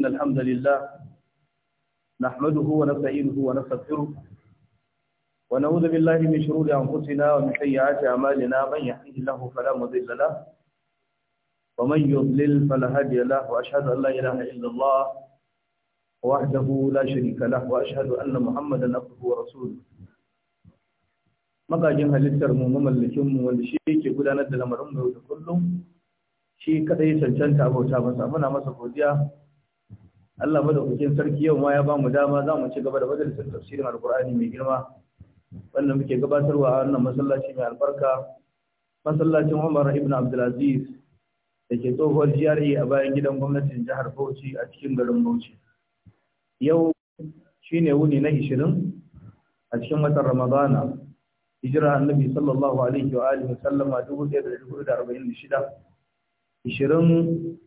إن الحمد لله نحمده ونستعينه ونستغفره ونعوذ بالله من شرور أنفسنا ومن سيئات أعمالنا من يهده الله فلا مضل له ومن يضلل فلا هادي له وأشهد أن لا إله إلا الله وحده لا شريك له وأشهد أن محمدا عبده ورسوله magajin halittar mu mamallakin mu wanda shi yake gudanar da lamarin mu da kullum shi kadai cancanta abota masa muna masa godiya Allah madaukakin sarki yau ma ya ba mu dama za mu ci gaba da majalisar tafsirin alqur'ani mai girma wannan muke gabatarwa a wannan masallaci mai albarka masallacin Umar ibn Abdulaziz da ke tsohuwar GRA a bayan gidan gwamnatin jihar Bauchi a cikin garin Bauchi. Yau shine wuni na 20 a cikin watan Ramadana hijira annabi sallallahu alaihi wa alihi sallama 1446 20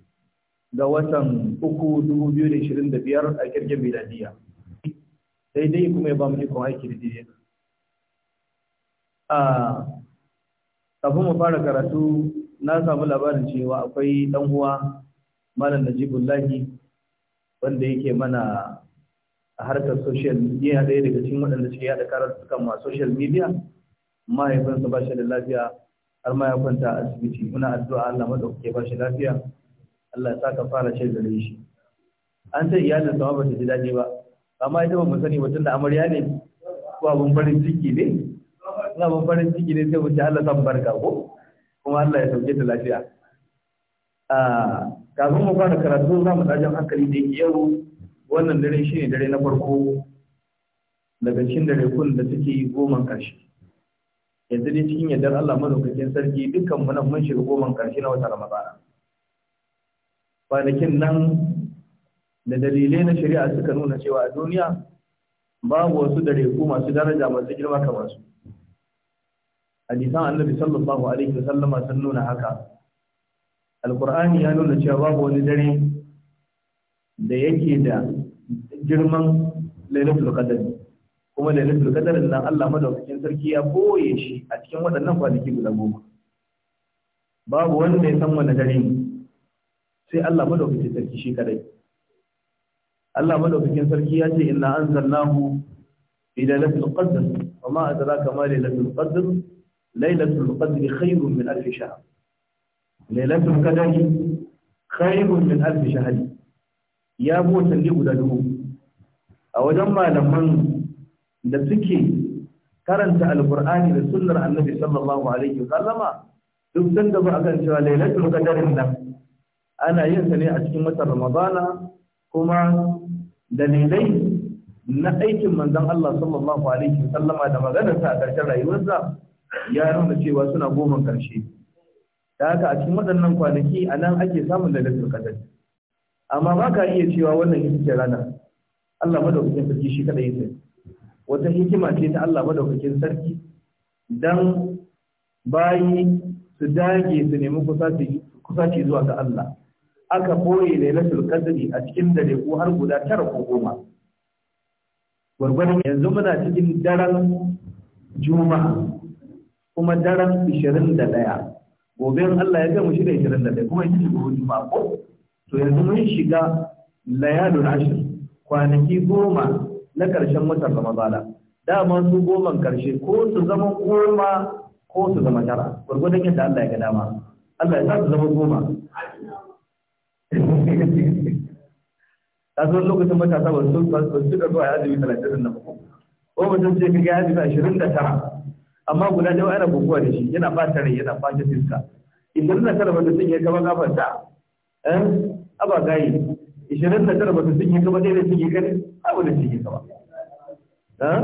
da watan uku dubu biyu da shirin da biyar a kirgin miladiya daidai kuma ya ba mu ikon aiki da daidai a ah, kafin mu fara karatu na samu labarin cewa akwai dan uwa malam najibullahi wanda yake mana a harkar social media ɗaya daga cikin waɗanda suke karar karatukan ma social media mahaifinsa ba shi da lafiya har ma ya kwanta a asibiti muna addu'a Allah madaukake ba shi lafiya Allah ya sa fara ce gare shi an ce iyalin sa ba ta ji daɗi ba amma ita ba mu sani ba tunda amarya ne ko abun farin ciki ne ina abun farin ciki ne sai mu ce Allah san barka ko kuma Allah ya sauke ta lafiya ah, kafin mu fara karatu za mu tajin hankali da yau wannan dare shi ne dare na farko daga cikin dare kun da suke goman ƙarshe yanzu dai cikin yardar Allah madaukakin sarki dukkan mu nan mun shiga goman ƙarshe na wata Ramadana kwanakin nan da dalilai na shari'a suka nuna cewa a duniya babu wasu dareku masu daraja masu girma kamar su hadisan annabi sallallahu alaihi wasallama sun nuna haka alkur'ani ya nuna cewa babu wani dare da yake da girman lailatul qadr kuma lailatul qadr nan Allah madaukakin sarki ya boye shi a cikin waɗannan kwanaki guda goma babu wanda ya san wani dare sai Allah madaukakin sarki shi kadai Allah madaukakin sarki ya ce inna anzalnahu fi lailatul qadr wa ma adraka ma lailatul qadr lailatul qadr khayrun min alf shahr lailatul qadr khayrun min alf shahr ya bu talli guda dubu a wajen malaman da suke karanta alqur'ani da sunnar annabi sallallahu alaihi wasallama duk sanda ba a kan cewa lailatul qadr nan ana yin sa ne a cikin watan ramadana kuma dalilai na aikin manzon Allah sallallahu alaihi wasallama da maganarsa a ƙarshen rayuwarsa ya nuna cewa suna goma ƙarshe da haka a cikin waɗannan kwanaki a nan ake samun lalatul qadar amma ba ka iya cewa wannan ita ce rana Allah madaukakin sarki shi kadai yake wata hikima ce ta Allah madaukakin sarki dan bayi su dage su nemi kusa kusaci zuwa ga Allah aka boye ya kadari a cikin dare ko har guda tara ko goma gwargwadon yanzu muna cikin daren juma'a kuma daren daya. gobe Allah ya ga mu shirya daya kuma yake gobe juma'a ko to yanzu mun shiga layalul ashirin. kwanaki goma na karshen watan ramadana dama su goman karshe ko su zama goma ko su zama tara gwargwadon yadda Allah ya ga dama Allah ya sa su zama goma kasuwar lokacin matasa ba su ba su da zuwa azumi talatin da ko ba sun ce ka kaga azumi ashirin da tara amma guda da ana buguwa da shi yana ba tare, yana ba ta fiska eh, ishirin da tara ba mutum ya kama kafarta eh aba gayi ishirin da tara ba mutum ya kama ɗaya da cikin gani abu da cikin kama eh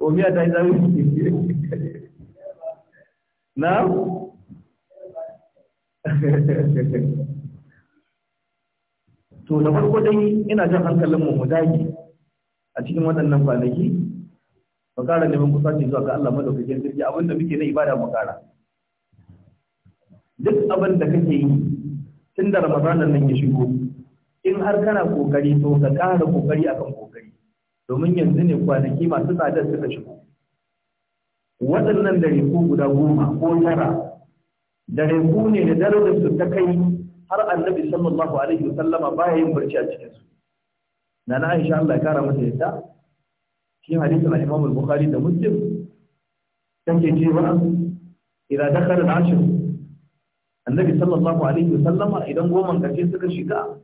o ta yi zawo na to da farko dai ina jan hankalin mu dage a cikin waɗannan kwanaki mu ƙara neman kusaci zuwa ga Allah madaukakin sarki abinda muke na ibada mu ƙara duk abin da kake yi tun da ramadanan nan ya shigo in har kana kokari to ka ƙara kokari akan kokari domin yanzu ne kwanaki masu tsadar suka shigo waɗannan dare ko guda goma ko tara dare ku ne da darajar su ta kai har annabi sallallahu alaihi wa sallama baya yin barci a cikin su nana Aisha Allah ya kara masa yadda cikin hadisin al-Imam al-Bukhari da Muslim take cewa idan dakhala al-ashr annabi sallallahu alaihi wa sallama idan goman kace suka shiga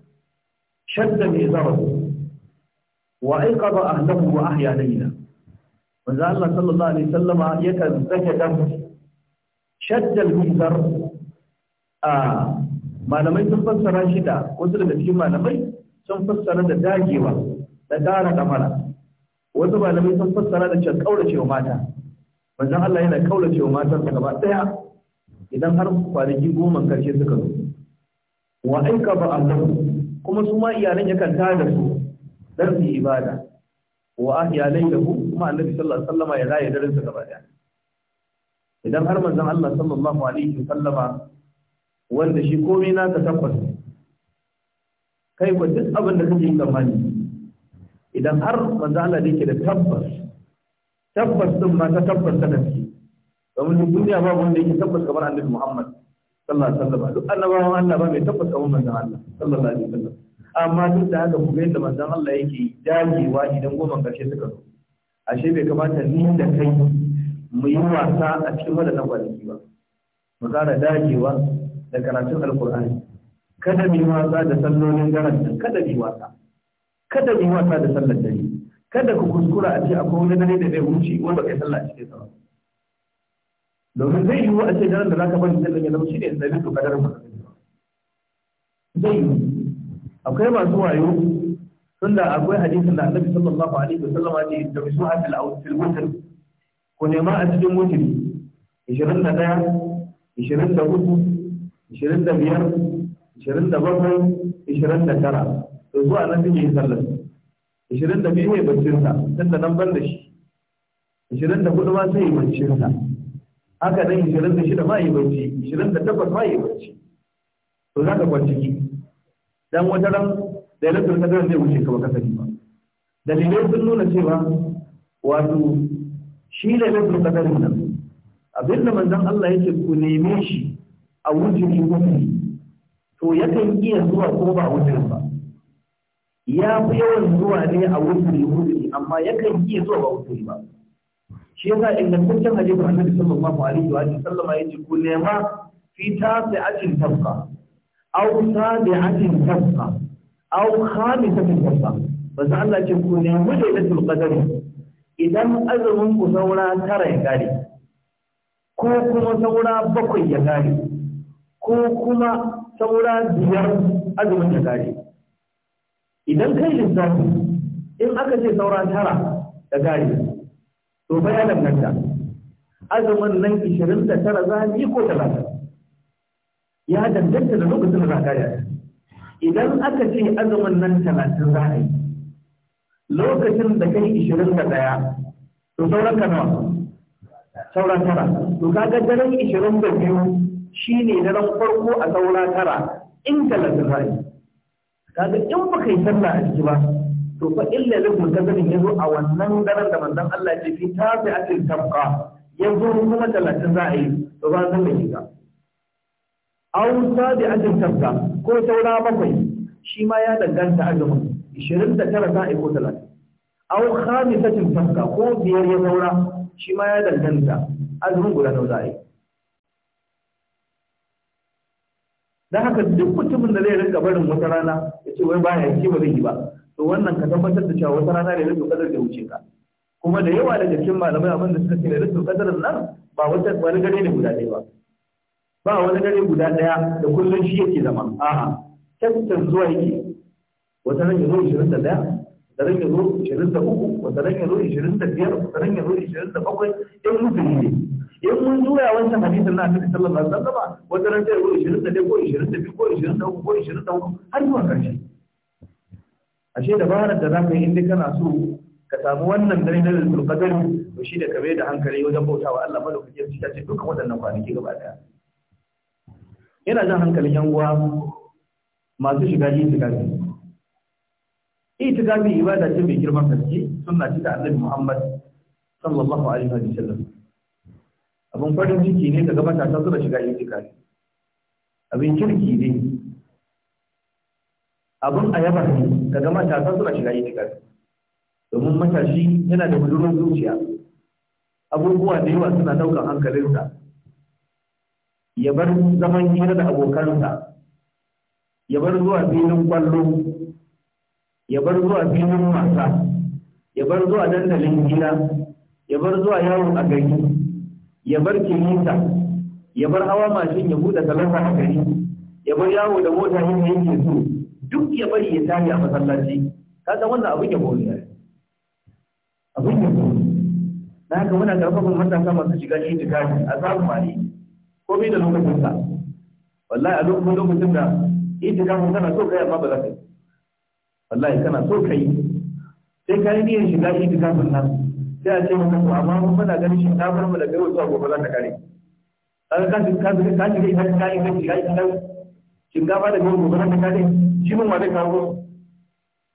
shadda mai zarafu wa aiqada ahlahu wa ahya layla manzo Allah sallallahu alaihi wa sallama yakan zake dan shadda al-mizar a malamai sun fassara shi da wasu daga cikin malamai sun fassara da dagewa da ƙara kamara wasu malamai sun fassara da can kaurace wa mata wajen Allah yana kaurace wa matan sa gaba ɗaya? idan har kwanaki goma karshe suka zo wa aika ba Allah kuma su ma iyalan yakan tare da su dan su ibada wa ahya laylahu kuma annabi sallallahu alaihi wasallama ya raye daren gaba ɗaya idan har manzon Allah sallallahu alaihi wasallama wanda shi komai na ka tabbas kai ko duk abin da kake tsammani idan har manzo Allah da yake da tabbas tabbas din ma ta tabbas ta gaske domin duniya ba wanda yake tabbas kamar Annabi Muhammad sallallahu alaihi wasallam duk annabawan Allah ba mai tabbas kamar manzo Allah sallallahu alaihi wasallam amma duk da haka kuma yadda manzo Allah yake dagewa idan goman karshe suka zo ashe bai kamata ni da kai mu yi wasa a cikin wadannan kwanaki ba mu kara dagewa da karatun alkur'ani kada mu wasa da sallolin daren kada mu wasa kada mu wasa da sallar dare kada ku kuskura a ce akwai wani dare da zai wuce wanda kai sallah cike sa domin zai yiwu a ce daren da zaka bari sallar ya zama shi ne da zai tuka daren ba zai yiwu akwai masu wayo tunda akwai hadisin da annabi sallallahu alaihi wasallam ya ce da bisu hafil au fil wutr ko nema a cikin wutri 21 24 ishirin da biyar ishirin da bakwai ishirin da tara to zuwa nan suke yi sallar ishirin da biyu ne baccinsa tun da nan ban da shi ishirin da hudu ma sai yi baccinsa haka nan ishirin da shida ma yi bacci ishirin da takwas ma yi bacci to za ka kwanci ki dan wata ran da yalatul kadar zai wuce ka baka sani ba dalilai sun nuna cewa wato shi da yalatul kadar nan abinda manzon Allah yake ku neme shi a wujudin wujudi to yakan iya zuwa ko ba wujudin ba ya fi yawan zuwa ne a wujudin wujudi amma yakan iya zuwa ba wujudi ba shi yasa ingantaccen hadisi annabi sallallahu alaihi wa sallama ya ce ku nema fi tasi'atin tabqa aw sabi'atin tabqa aw khamisatin Ba za Allah ce ku nemi lailatul qadari idan azumin ku saura tara ya gari. ko kuma saura bakwai ya gari. ko kuma saura biyar azumin ta gari. idan kai lissafi in aka ce saura tara da gari, to bayanan nan danganta azumin nan ishirin da tara za a yi ko talata ya danganta da lokacin da za ka yi idan aka ce azumin nan talatin za a yi lokacin da kai ishirin da to sauran ka nawa sauran tara to kaga daren ishirin da Shi ne na ran farko a saura tara inda lazari kaga in baka yi sallah a ciki ba to fa illa lil mutazallim yazo a wannan daren da manzon Allah ya ce fi tafi atil tabqa yanzu kuma talatin za a yi to ba zan mai ka aw tabi atil tabqa ko saura bakwai shi ma ya danganta azumin 29 za a yi ko 30 aw khamisatin tabqa ko biyar ya saura shi ma ya danganta azumin guda nawa za a yi don haka duk mutumin da zai rinka barin wata rana ya ce wai baya ki ba zai yi ba to wannan ka tabbatar da cewa wata rana da rinka kadar da wuce ka kuma da yawa daga cikin malamai abin da suka ce da rinka kadar nan ba wata wani gare ne guda ɗaya ba ba wani gare guda ɗaya da kullum shi yake zama a'a tattan zuwa yake wata ran ya zo 21 da ɗaya wata ran ya zo da uku wata ran ya zo da biyar wata ran ya zo da bakwai mutum ne in mun juya wancan hadisin na annabi sallallahu alaihi wasallam wanda ran sai ko 21 ko 22 ko 23 ko 24 har zuwa karshe ashe dabarar da zaka yi inda kana so ka samu wannan dare na lalatul qadar to shi da kabe da hankali wajen bautawa Allah madaukaki ya cika ce dukkan waɗannan kwanaki gaba daya ina jan hankalin yan uwa masu shiga itikafi itikafi ibada ce mai girman gaske sunna ce da Annabi Muhammad sallallahu alaihi wasallam abin farin ciki ne daga matasa suna shiga itikadi abin kirki ne abin yaba ne daga matasa suna shiga itikadi domin matashi yana da budurin zuciya abubuwa da yawa suna daukan hankalinsa ya bar zaman hira da abokansa ya bar zuwa filin kwallo ya bar zuwa filin wasa ya bar zuwa dandalin gida ya bar zuwa yawon a gari ya bar kimita ya bar hawa mashin ya buɗe salarsa a gari ya bar yawo da mota da yake so duk ya bari ya tashi a masallaci san wannan abin ya bori abin ya bori na haka muna karfafa matasa masu shiga shi da kashi a samun mali komai da lokacin sa wallahi a lokacin lokacin da itikafin kana so kai amma ba za ka yi wallahi kana so kai sai ka yi niyyar shiga itikafin nan sai a ce maka to amma mun muna ganin shi ta farmu daga yau zuwa gobe za ta kare kaga ka shiga ka shiga ka shiga ka shiga ka shiga shinkafa daga yau gobe za ta kare shi mun ma zai kawo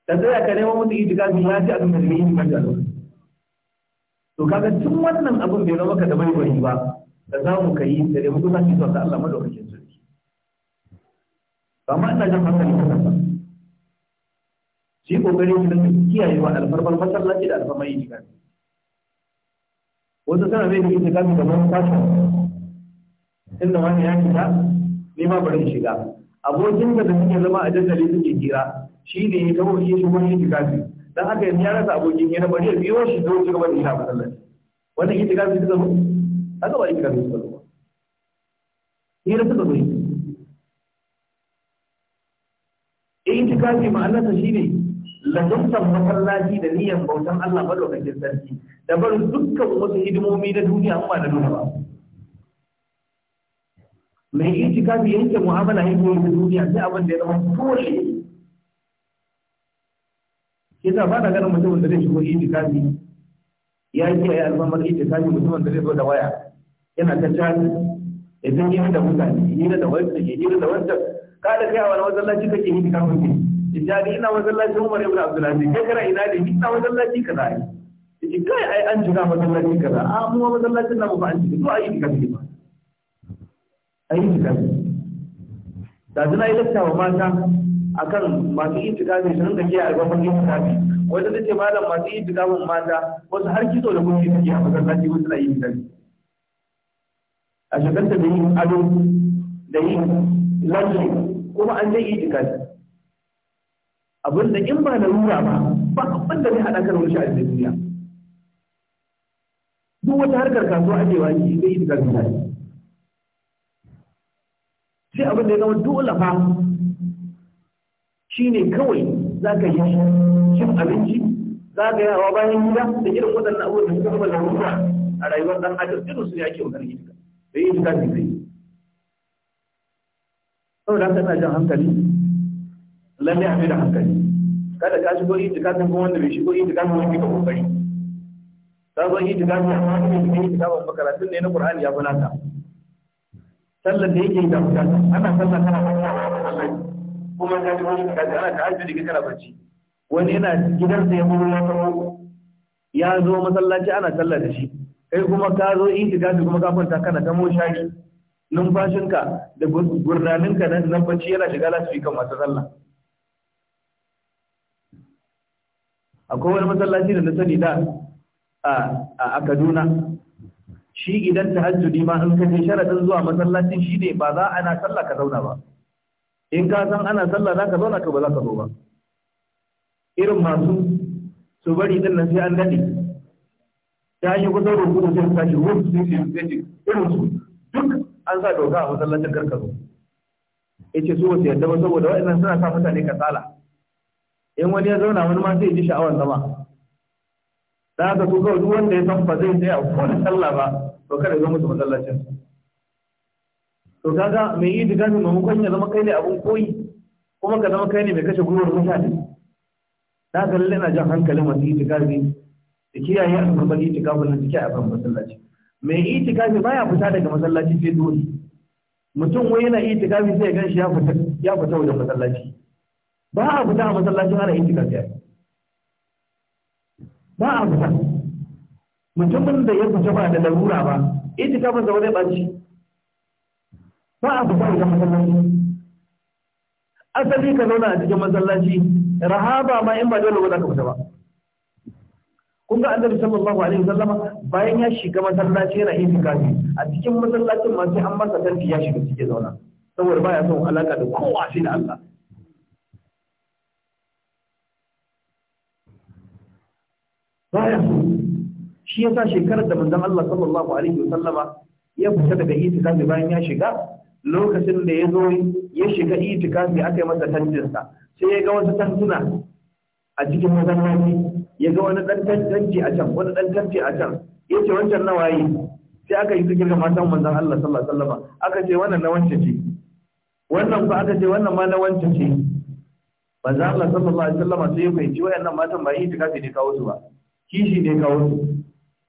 ka tsaya ka nemo musu itikafi ya ce abin da zai yi maka to kaga tun wannan abin bai zama ka da bai bai ba da za mu ka yi da dai mutum zaki sauka Allah madaukakin sarki amma ina jan hankali ka kasa shi kokari ne kiyayewa alfarmar masallaci da alfarmar itikafi wasu suna zai yi shiga su zama kwasa inda wani ya shiga ni ma bari shiga abokin da da suke zama a dandali suke kira, shi ne ya kawo shi shi wani shiga su dan haka yanzu ya rasa abokin yana bari ya biyo shi zo shiga wani ya masallaci wannan yi shiga su suka zo haka ba yi shiga su suka zo hira suka zo yi itikafi ma'anarsa shine lazumtar masallaci da niyyar bautan Allah madaukakin sarki da barin dukkan wasu hidimomi na duniya amma da duniya ba mai yi kafi bi yanke mu'amala hidimomi na duniya sai abin da ya zama dole yasa ba da ganin mutumin da zai shigo kafi ya yi kiyaye alfamar kafi mutumin da zai zo da waya yana ta cani idan yi da mutane yi da wanda ke yi da wanda ka da kai a wani masallaci kake kafin ne ijani ina masallacin umar ibn Abdullahi. kai kana ina da ina masallaci kaza ne yake kai ai an jira masallacin kaza a mu masallacin na ba an jira to ayi kaza ne ba ayi kaza da zina yi lakta wa mata akan masu yi tikafi sun da ke a gaban yin tikafi wanda ta ce malam masu yi tikafin mata wasu har kitso da kuma yi suke a masallaci wasu na yi tikafi a shakarta da yin ado da yin lalle kuma an zai yi tikafi abinda in ba na rura ba ba abin da zai haɗa kan wani a duniya duk wata harkar kasuwa ajewa shi zai yi daga gida sai abin da ya zama dole fa shi ne kawai za ka yi cin abinci za ka yawa bayan gida da irin waɗannan abubuwan da suka kuma lalura a rayuwar ɗan adam irin su ne ake wutar gida da yi jika ne zai saboda haka ina jan hankali lallai a mai da hankali kada ka shigo yi jika kan kuma wanda bai shigo yi jika kan wanda bai kokari ta zo yi tuka ta amma ne ne yi tuka ba karatun ne na Qur'ani ya bulata sallar da yake da mutane ana sallar kana kuma ka ji wani kaji ana ta hajji da kana bacci wani yana gidansa ya muru ya kawo ya zo masallaci ana sallar da shi kai kuma ka zo itikafi kuma ka kwanta kana ta moshari numfashinka da gurnaninka na numfashi yana shiga lasifikan masu sallah akwai wani masallaci da na sani da a Kaduna shi idan tahajjudi ma in kace sharadin zuwa masallacin shi ne ba za ana sallah ka zauna ba in ka san ana sallah za ka zauna ka, ba za ka zo ba irin masu su bari din nan sai an dade ta yi kusan da sai ka shi wuce sai sai sai irin su duk an sa doka a masallacin zo yace su wasu yadda ba saboda waɗannan suna sa mutane kasala in wani ya zauna wani ma sai ji sha'awar zama da haka su kawai duk wanda ya san ba zai tsaya ko da sallah ba to kada zo musu masallacin to kaga mai yi digami mamakon ya zama kai ne abun koyi kuma ka zama kai ne mai kashe gwiwar mutane da haka lallai na jan hankalin masu yi digami da kiyaye a kan bani itikafin da suke a kan masallaci mai ba ya fita daga masallaci sai dole mutum wai yana itikafi sai ya ganshi ya ya fita wajen masallaci ba a fita a masallacin ana itikafi ba a fita mutumin da ya fita ba da larura ba ita sa ba zai ɓaci ba a fita idan masallaci asali ka zauna a cikin masallaci rahaba ma in ba dole ba za ka fita ba kun ga annabi sallallahu alaihi wasallama bayan ya shiga masallaci yana itikafi a cikin masallacin ma sai an masa tanti ya shiga cikin zauna saboda baya son alaka da kowa sai da Allah baya shi shi sa shekarar da manzon Allah sallallahu alaihi wa sallama ya fita daga itikafi bayan ya shiga lokacin da ya zo ya shiga itikafi aka yi masa tantinsa sai ya ga wasu tantuna a cikin masallaci ya ga wani dan tantanci a can wani dan tantanci a can ya ce wancan nawa yi sai aka yi zikir ga matan manzon Allah sallallahu alaihi wasallam aka ce wannan na wancan ce wannan fa aka ce wannan ma na wancan ce manzon Allah sallallahu alaihi sallama sai ya fahimci wayannan matan ba itikafi ne kawo su ba kishi ne kawo su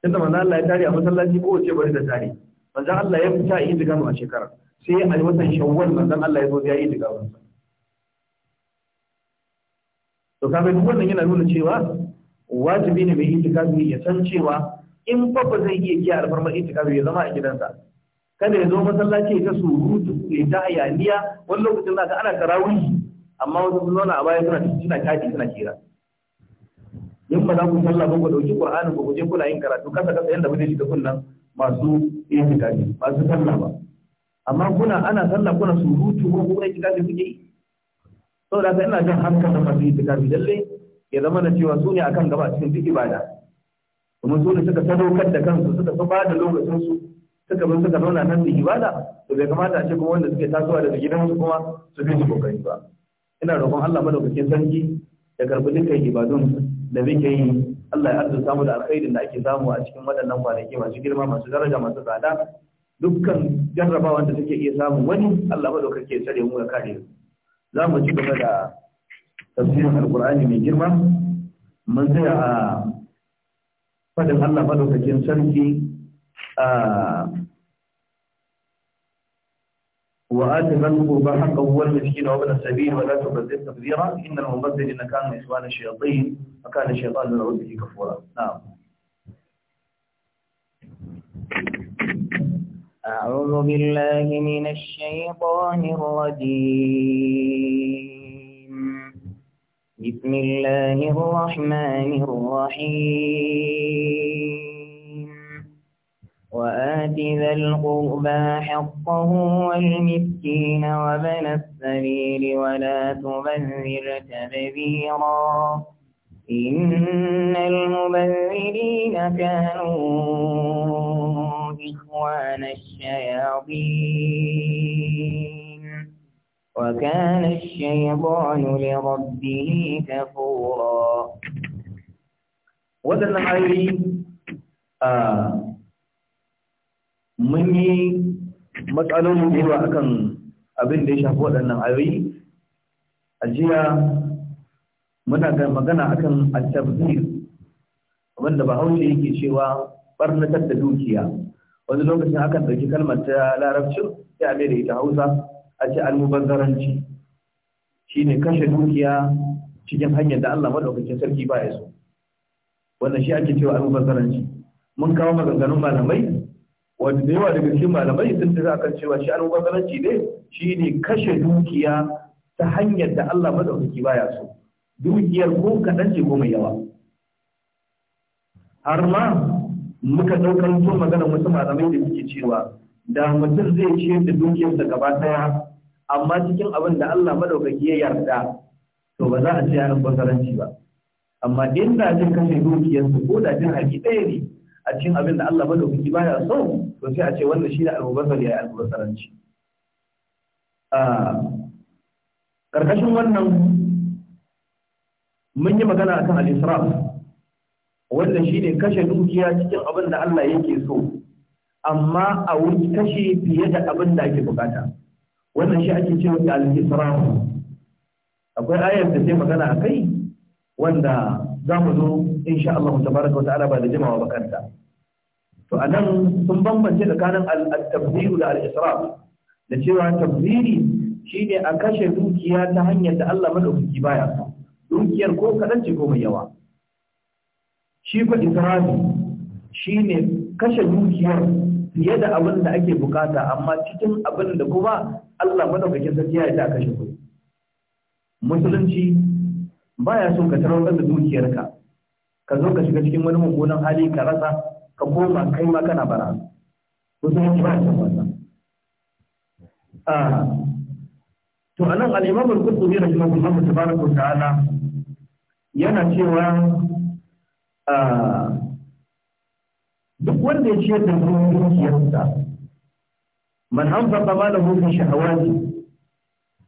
yadda manzo Allah ya tare a masallaci ko ce bari da tare manzo Allah ya fita yi diga a shekara sai a watan shawwal manzo Allah ya zo ya yi diga wannan to kaga duk wannan yana nuna cewa wajibi ne mai itikafi ya san cewa in fa ba zai iya kiyaye alfarma itikafi ya zama a gidansa kada ya zo masallaci ta surutu ya ta hayaniya wani lokacin da ana tarawih amma wasu sun zauna a baya suna suna suna kira in ba za ku sallah ba ku dauki qur'ani ku guje kula yin karatu kasa kasa yanda muke shiga kunna masu yin masu sallah ba amma kuna ana sallah kuna surutu ko kuma fitafi kuke yi saboda haka ina jan da masu yin fitafi lalle ya zama na cewa su ne akan gaba cikin duk ibada kuma su ne suka sadaukar da kansu suka fi bada lokacin su suka bin suka zauna nan da ibada to bai kamata a ce kuma wanda suke tasowa daga gidansu kuma su bi su kokari ba ina roƙon Allah madaukakin sarki ya karɓi dukkan ibadun da muke yi Allah ya arzuta mu da alkhairin da ake samu a cikin waɗannan kwanaki masu girma masu daraja masu tsada dukkan jarrabawan da take iya samu wani Allah madaukake kake tsare mu ya kare mu za mu ci gaba da tafsirin alkur'ani mai girma mun tsaya a fadin Allah madaukakin sarki a وآت ذا القربى حقه والمسكين وابن السبيل ولا تبذل تبذيرا إن المبذل إن كان إخوان الشياطين وكان الشيطان من به كفورا نعم أعوذ بالله من الشيطان الرجيم بسم الله الرحمن الرحيم وآت ذا القربى حقه والمسكين وبن السبيل ولا تبذر تبذيرا إن المبذرين كانوا إخوان الشياطين وكان الشيطان لربه كفورا ودنا عليه آه mun yi matsalolin yawa akan abin da ya shafi waɗannan ayoyi a jiya muna ga magana akan al-tabzir wanda bahaushe yake cewa barnatar da dukiya wani lokacin akan ɗauki kalmar ta larabci sai a da ita hausa a ce almubazzaranci shine kashe dukiya cikin hanyar da Allah madaukakin sarki ba ya so wannan shi ake cewa almubazzaranci mun kawo maganganun malamai wanda da yawa daga cikin malamai sun a akan cewa shi almubazzaranci ne shi ne kashe dukiya ta hanyar da Allah madaukaki baya so dukiyar ko kaɗan ce ko mai yawa har ma muka ɗaukar to maganar wasu malamai da suke cewa da mutum zai ciyar da dukiyarsa gaba ɗaya amma cikin abin da Allah madaukaki ya yarda to ba za a ce yaran basaranci ba amma inda jin kashe dukiyar su ko da jin haƙi ɗaya ne a cikin abin da Allah madaukaki baya so to sai a ce wannan shi ne albubasar ya yi albubasaranci ƙarƙashin wannan mun yi magana akan al-israf wanda shi ne kashe dukiya cikin abin da Allah yake so amma a wuri kashe fiye da abin da ake bukata wannan shi ake cewa al-israf akwai ayar da sai magana a kai wanda za mu zo insha Allah tabaraka wa ta'ala ba da jimawa ba kanta to anan sun bambance tsakanin al-tabdil da al-israf da cewa tabdili shine a kashe dukiya ta hanyar da Allah madaukaki baya so dukiyar ko kadan ce ko mai yawa shi fa israfi shine kashe dukiyar fiye da abin da ake bukata amma cikin abin da kuma Allah madaukakin sarki ya ta kashe kuɗi musulunci baya so ka tarar da dukiyarka ka zo ka shiga cikin wani mummunan hali ka rasa ka koma kai ma kana bara musulunci ba san wannan ah, to anan al-imam al-qurtubi rahimahullahu tabaraka wa ta'ala yana cewa ah, duk wanda ya ciyar da dukiyarsa man anfaqa malahu fi shahawati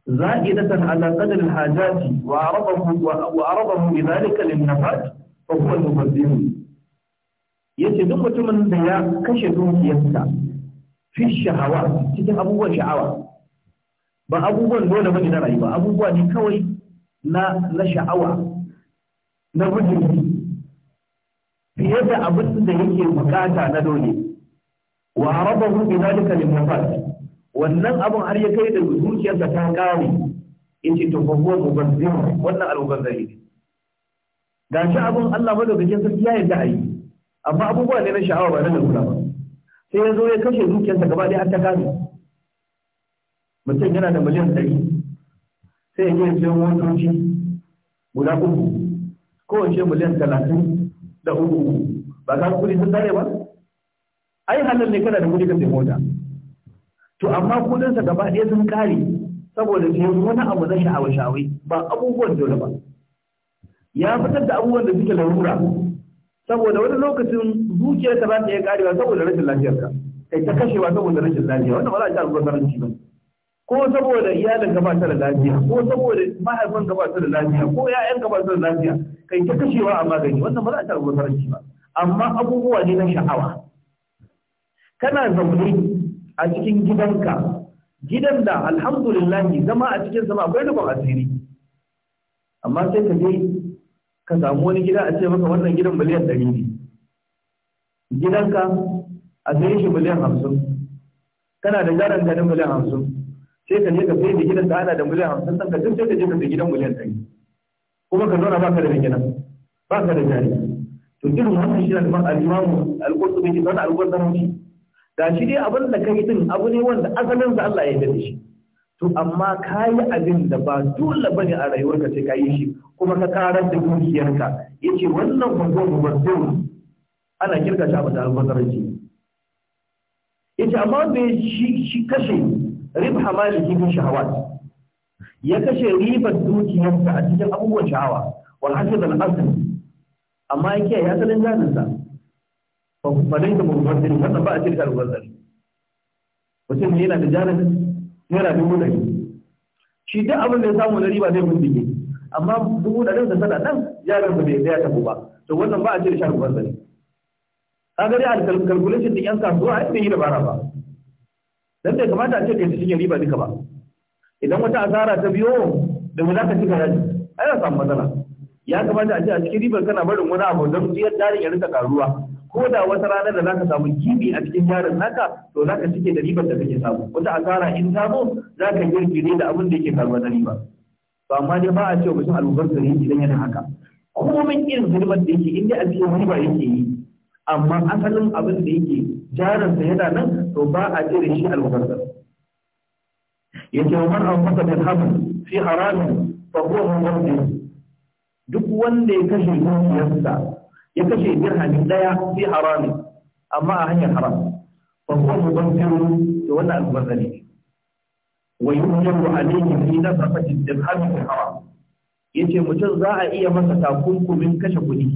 زائدة على قدر الحاجات وعرضه وعرضه بذلك للنفات ko kuma ya yace duk mutumin da ya kashe dukiyarsa fi shahawa cikin abubuwan sha'awa ba abubuwan dole bane na rayuwa abubuwa ne kawai na na sha'awa na gudunci fiye da abin da yake bukata na dole wa harabahu bi zalika lil mafat wannan abun har ya kai da zuciyarsa ta kare yace to fa huwa wannan al-mubazzir ga shi abin Allah madaukakin sarki ya yarda a yi amma abubuwa ne na sha'awa ba na lura ba sai ya zo ya kashe dukiyarsa gaba ɗaya har ta kame mutum yana da miliyan ɗari sai ya je siyo motoci guda uku kowace miliyan talatin da uku ba ka kuɗi sun tare ba ai halal ne kana da kuɗi ka sai mota to amma kuɗinsa gaba ɗaya sun kare saboda sai wani abu na sha'awa-sha'awai ba abubuwan dole ba ya fitar da abubuwan da suke larura saboda wani lokacin zuciyarka ta ta iya karewa saboda rashin lafiyarka kai ta kashewa saboda rashin lafiya wannan ba za a ci albasaranci ba ko saboda iyalin ka ba ta da lafiya ko saboda mahaifin ka ba ta da lafiya ko ƴaƴan ka ba ta da lafiya kai ta kashewa a magani wannan ba za a ci albasaranci ba amma abubuwa ne na sha'awa kana zaune a cikin gidanka gidan da alhamdulillah zama a cikin sama akwai nufin asiri amma sai ka je ka samu wani gida a ce maka wannan gidan miliyan ɗari ne gidanka a sai shi miliyan hamsin kana da jaran da miliyan hamsin sai ka je ka sai da gidan ka ana da miliyan hamsin ɗan ka sai ka je ka sai gidan miliyan ɗari kuma ka zauna baka da mai gidan baka da jari to irin wannan shi ne ban al'imamu al-qurtubi ke zauna al-qurtubi shi ga shi dai abin da kai din abu ne wanda asalin sa Allah ya yi da shi to amma kayi abin da ba dole bane a rayuwarka sai yi shi kuma ka karar da dukiyarka yace wannan manzo mubazzir ana kirga shi a mata albazaranci yace amma me shi shi kashe ribha maliki bin shahawat ya kashe ribar dukiyarsa a cikin abubuwan sha'awa wa hasib al-asl amma yake ya salin jarinsa fa fadai da ne wannan ba a kirga albazaranci mutum ne yana da jarin naira dubu ɗari shi duk abin da ya samu na riba zai bincike amma dubu ɗarin da sana nan yaran da bai ya tafi ba to wannan ba a ce da zane ka ga dai a calculation din yan kasuwa a bai yi dabara ba dan bai kamata a ce kai cikin riba duka ba idan wata asara ta biyo da mu zaka ci garaji ai ba samu matsala ya kamata a ce a cikin ribar kana barin wani abu don jiyar jarin ya rinka karuwa ko da wata rana da zaka samu gibi a cikin jarin naka to zaka cike da ribar da kake samu wata asara in ta zo zaka girgire da abin da yake karuwa na riba ba amma dai ba a cewa mutum ne idan yana haka komin irin zulmar da yake inda a wani ba yake yi amma asalin abin da yake jaransa yana nan to ba a ce da shi Ya ce wa man anfaqa da haram fi haram fa huwa mubazir duk wanda ya kashe dukiyarsa ya kashe dirhami daya fi harami amma a hanyar haram fa huwa mubazir to wannan albarka ne wa yujabu alayhi fi nafaqati dirham haram yace mutum za a iya masa takunkumin kashe kuɗi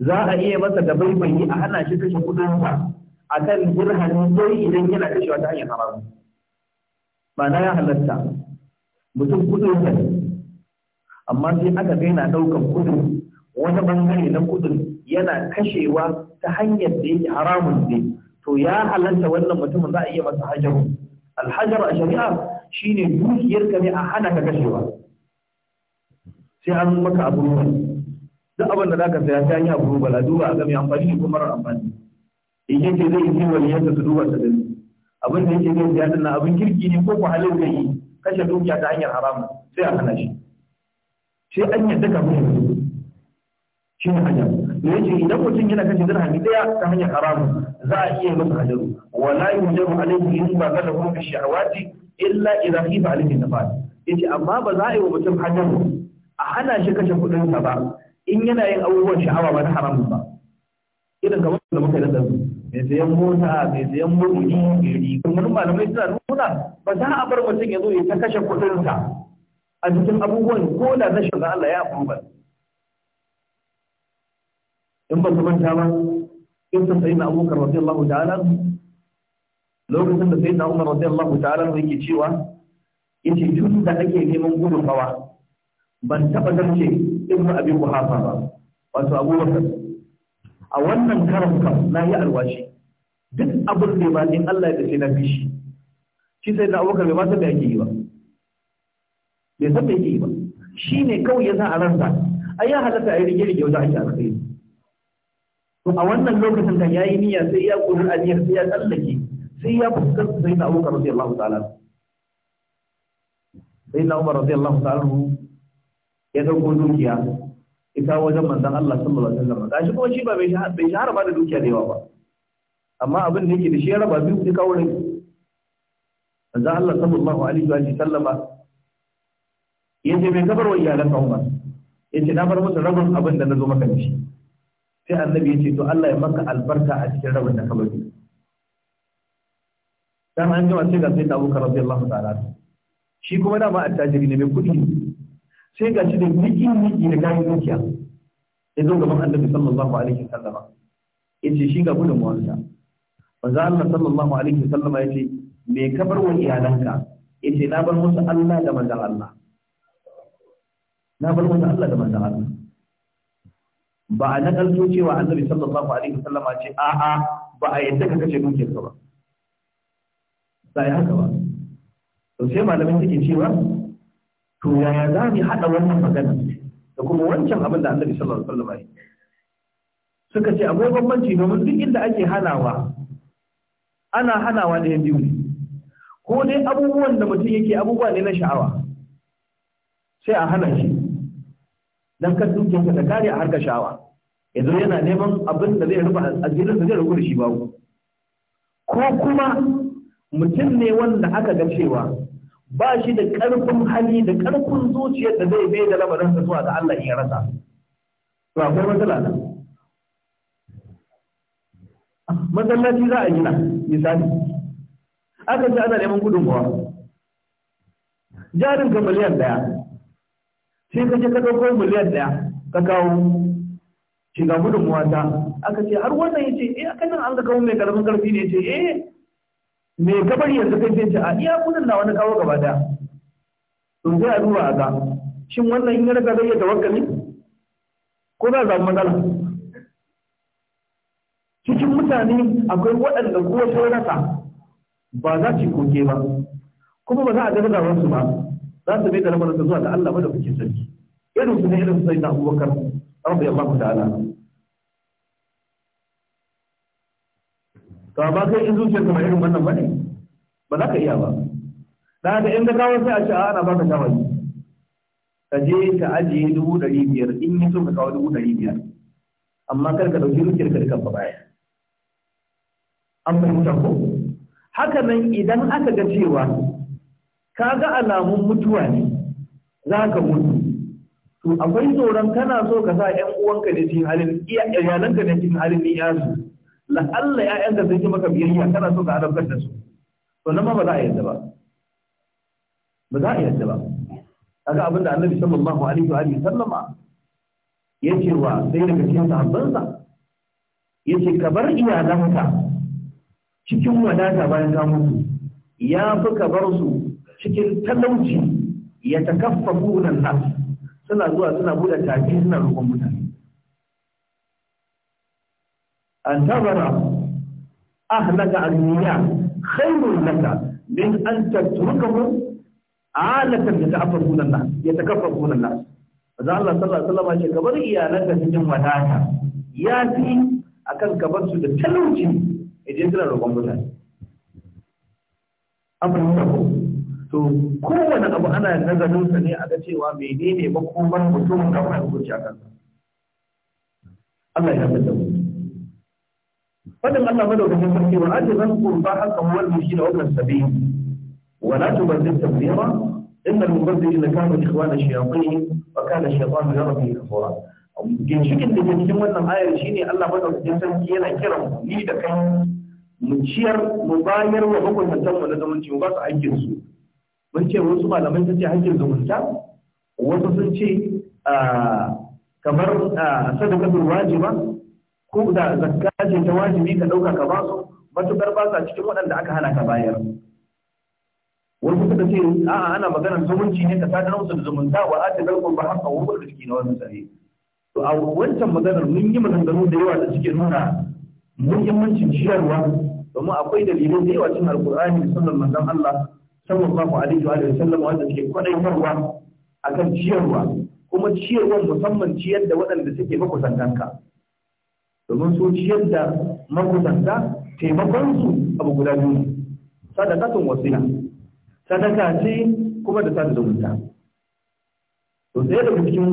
za a iya masa da baibayi a hana shi kashe kuɗinsa kan dirhami sai idan yana kashewa ta hanyar haram ma'ana ya halatta mutum kuɗinsa amma sai aka ga yana ɗaukar kuɗin wani bangare na kuɗin yana kashewa ta hanyar da yake haramun ne to ya halarta wannan mutumin za a iya masa hajaru alhajar a shari'a shine dukiyar ka ne a hana ka kashewa sai an maka abu ruwan duk abin da ka saya sai an yi abu ruwan a duba a ga mai amfani ko marar amfani in yake zai yi waliyar ka su duba ta dani abin da yake zai saya din na abin kirki ne ko ko halin zai yi kashe dukiya ta hanyar haramu sai a hana shi sai an yadda ka mu shi ne hanya ne yace idan mutum yana kashe dirhami daya ta hanyar haramu za a iya masa hajaru wala yujabu alayhi yusba kada kuma bi wati, illa idha khifa alayhi nafas yace amma ba za a yi wa mutum hajaru a hana shi kashe kudin sa ba in yana yin abubuwan sha'awa ba na haramun ba irin kamar da muka yi da su mai sayan mota mai sayan murni mai riga. wani malamai suna nuna ba za a bar mutum ya zo ya ta kashe kudin sa a cikin abubuwan ko da na shiga Allah ya ba. in ba su manta ba kisan sai na abubakar radiyallahu ta'ala lokacin da sai na umar radiyallahu ta'ala yake cewa ce tun da ake neman gudun hawa ban taba zarce ibnu abin buhafa ba wato abubakar a wannan karan kam na yi alwashi duk abin da ba in Allah ya dace na fi shi shi sai na abokan bai ba san da yake yi ba bai san da yake yi ba shi ne kawai ya sa a ransa a ya halatta a yi rige-rige wajen ake alkhairi to a wannan lokacin da yayi niyya sai ya kuri aliyar sai ya tsallake sai ya fuskanta sai na Abubakar radiyallahu ta'ala sai na Umar radiyallahu ta'ala ya dauko dukiya ita wajen manzon Allah sallallahu alaihi wasallam gashi kuma shi ba bai shahara ba da dukiya da yawa ba amma abin da yake da shi ya raba biyu sai kawo rai manzon Allah sallallahu alaihi wa sallama ce bai kabar wa iyalan Umar yace na bar musu rabin abin da nazo maka da shi sai annabi ya ce to Allah ya maka albarka a cikin rabin da ka bari dan an jima sai ga sai da Abubakar radiyallahu ta'ala shi kuma da ba attajiri ne mai kuɗi sai ga shi da miki miki da kayan dukiya ya zo gaban annabi sallallahu alaihi wasallam ya ce shi ga gudun wansa manzo Allah sallallahu alaihi wasallam ya ce me ka bar wa iyalanka ya ce na bar musu Allah da manzon Allah na bar musu Allah da manzon Allah ba a ƙarfi cewa an zabi sallallahu alaihi wasallam ce a'a ba a yadda ka kace dukiyar ka ba sai haka ba to sai malamin suke cewa to yaya za mu hada wannan magana da kuma wancan abin da annabi sallallahu alaihi wasallam ya suka ce akwai bambanci domin duk inda ake hanawa ana hanawa da biyu ne ko dai abubuwan da mutum yake abubuwa ne na sha'awa sai a hana shi dan kan ka ta kare a harkar shawa yanzu yana neman abin da zai rufa asirin da zai rufu da shi ba ko kuma mutum ne wanda aka ga cewa ba shi da ƙarfin hali da ƙarfin zuciyar da zai bai da sa zuwa ga Allah ya rasa to akwai matsala nan masallaci za a yi na misali aka ce ana neman gudunmawa jarin ka miliyan daya sai ka je ka ɗauko miliyan ɗaya ka kawo shiga gudun ta aka ce har wannan ya ce eh aka nan an ga kawo mai karamin karfi ne ce eh ka kabari yanzu kai sai ce a iya kudin na wani kawo gaba ɗaya to sai a duba a ga shin wannan in yarda zai iya tawakkali ko za a samu matsala cikin mutane akwai waɗanda ko sai rasa ba za su koke ba kuma ba za a ga gazawarsu ba za su mai da lamarin zuwa da Allah kuke sarki irin su ne irin sai na abubakar rabbi Allah ta'ala to ba kai in zuciyar ka irin wannan bane ba za ka iya ba da ga in ka kawo sai a ce ana baka shawari ka je ka ajiye dubu ɗari biyar in yi so ka kawo dubu ɗari biyar amma kar ka ɗauki dukiyar ka dukan ba baya an fahimta ko haka nan idan aka ga cewa ka ga alamun mutuwa ne za ka mutu to akwai tsoron kana so ka sa ƴan uwanka da cikin halin iyalanka da cikin halin iyasu la'alla ƴaƴanka sun zai maka biyayya kana so ka adabkar da su to nan ma ba za a yadda ba ba za a yadda ba kaga abin da annabi sallallahu alaihi wa alihi sallama ya ce wa sai daga cikin sahabbansa ya ce ka bar iyalanka cikin wadata bayan ka mutu ya fi ka bar su cikin talauci ya ta kafa bunan nasu suna zuwa suna buɗe tafi suna rukun mutane an tabara ahlaka anniya khairun laka min an tatrukahu alatan yatakaffafuna nas yatakaffafuna nas manzo Allah sallallahu alaihi wasallam ya kabar iyalanka cikin wadata ya fi akan kabar su da talauci idan suna rukun mutane abin da to kowane abu ana nazarin sa ne a ga cewa menene makomar mutum da mai hukunci akan Allah ya fada mu fadin Allah madaukakin sarki wa ajran qurba haqqan wal mushkila wa sabil wa la tubazzir tabdira inna al mubazzirina kanu ikhwana shayatin wa kana shaytanu yarbi kafara ginshikin da ke cikin wannan ayar shine Allah madaukakin sarki yana kiran ni da kai mu ciyar mu bayar wa hukuntan mu na zamanci mu ba su aikin su mun ce wasu malamai sun ce hakkin zumunta wasu sun ce kamar sadakatul wajiba ko da zakka ce ta wajibi ka dauka ka basu matukar ba sa cikin waɗanda aka hana ka bayar wasu suka ce a'a ana maganar zumunci ne ka sadar musu da zumunta wa ati dalkum ba haka wa da jiki na wannan sai to a wancan maganar mun yi maganganu da yawa da suke nuna muhimmancin ciyarwa domin akwai dalilai da yawa cikin alkur'ani da sunnar manzon Allah sallallahu alaihi wa sallam wanda suke kwadaitarwa akan ciyarwa kuma ciyarwar musamman ciyar da waɗanda suke makusantanka domin so ciyar da makusanta taimakonsu abu guda biyu sadakatun wasila sadaka ce kuma da sada zumunta to sai daga cikin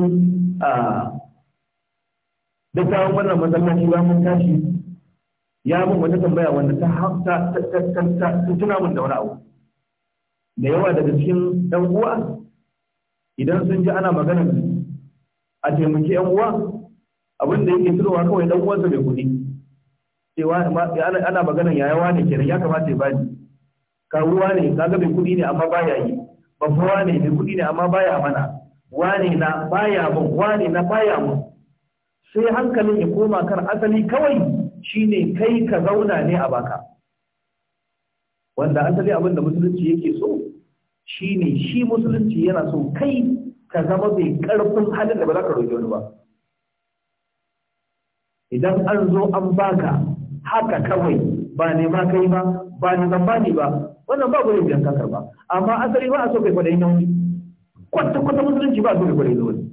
da kawo wannan masallaci ba mun tashi ya mun wata tambaya wanda ta ta ta ta tuna mun da wani abu da yawa daga cikin ɗan uwa idan sun ji ana magana a taimaki ‘yan uwa abin da yake turowa kawai ɗan uwansa bai kuɗi cewa ana ya yayawa ne kenan ya kamata ya bani kawuwa ne kaga mai kuɗi ne amma baya yi bafuwa ne mai kuɗi ne amma baya mana wane na baya mun wane na baya mun sai hankalin ya koma kan asali kawai shine kai ka zauna ne a baka wanda asali abin da musulunci yake so shine shi musulunci yana so kai ka zama mai karfin halin da ba za ka roƙi wani ba idan an zo an baka haka kawai ba ne ma kai ba ba ne zan ba wannan ba gudun biyan kakar ba amma asali ba a so kai kwadayin nauyi kwata-kwata musulunci ba a so kai kwadayin nauyi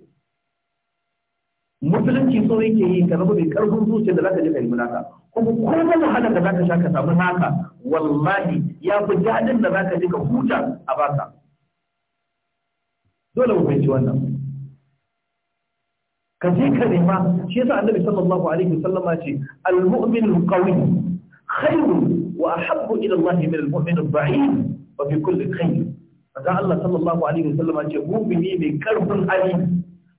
musulunci so yake yi ka zama mai karfin zuciya da ka je ka yi munaka, kuma ko da wahala da zaka sha ka samu naka wallahi ya fi daɗin da zaka je ka huta a baka dole mu fahimci wannan ka je ka nema shi yasa annabi sallallahu alaihi wasallama ce al-mu'min al-qawi khairun wa ahabbu ila Allah min al-mu'min al-da'if wa fi kulli khair Allah sallallahu alaihi wasallama ce mu'mini mai karfin hali